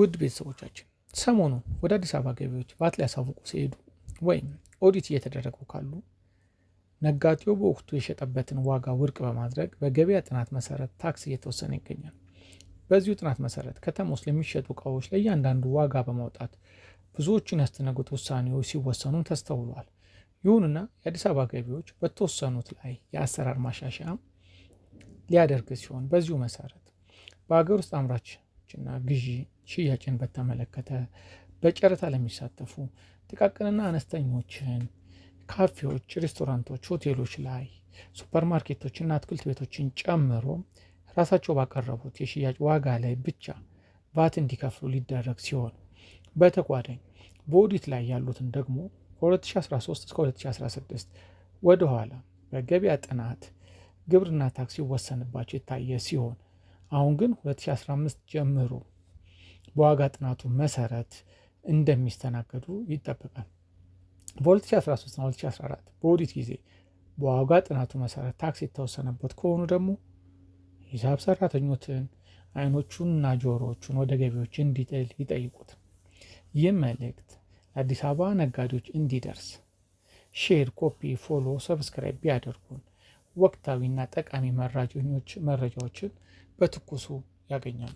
ውድ ቤተሰቦቻችን ሰሞኑ ወደ አዲስ አበባ ገቢዎች ቫት ሊያሳውቁ ሲሄዱ ወይም ኦዲት እየተደረጉ ካሉ ነጋዴው በወቅቱ የሸጠበትን ዋጋ ውድቅ በማድረግ በገበያ ጥናት መሰረት ታክስ እየተወሰነ ይገኛል። በዚሁ ጥናት መሰረት ከተማ ውስጥ ለሚሸጡ እቃዎች ለእያንዳንዱ ዋጋ በማውጣት ብዙዎቹን ያስተናገዱ ውሳኔዎች ሲወሰኑም ተስተውሏል። ይሁንና የአዲስ አበባ ገቢዎች በተወሰኑት ላይ የአሰራር ማሻሻያ ሊያደርግ ሲሆን በዚሁ መሰረት በሀገር ውስጥ አምራች እና ግዢ ሽያጭን በተመለከተ በጨረታ ለሚሳተፉ ጥቃቅንና አነስተኞችን ካፌዎች፣ ሬስቶራንቶች፣ ሆቴሎች ላይ ሱፐርማርኬቶችና አትክልት ቤቶችን ጨምሮ ራሳቸው ባቀረቡት የሽያጭ ዋጋ ላይ ብቻ ቫት እንዲከፍሉ ሊደረግ ሲሆን በተጓዳኝ በኦዲት ላይ ያሉትን ደግሞ ከ2013 እስከ 2016 ወደኋላ በገበያ ጥናት ግብርና ታክስ ይወሰንባቸው የታየ ሲሆን አሁን ግን 2015 ጀምሮ በዋጋ ጥናቱ መሰረት እንደሚስተናገዱ ይጠበቃል። በ2013ና 2014 በኦዲት ጊዜ በዋጋ ጥናቱ መሰረት ታክስ የተወሰነበት ከሆኑ ደግሞ ሂሳብ ሰራተኞትን አይኖቹንና ጆሮዎቹን ወደ ገቢዎች እንዲጥል ይጠይቁት። ይህ መልእክት ለአዲስ አበባ ነጋዴዎች እንዲደርስ ሼር፣ ኮፒ፣ ፎሎ፣ ሰብስክራይብ ቢያደርጉን ወቅታዊና ጠቃሚ መረጃዎችን በትኩሱ ያገኛሉ።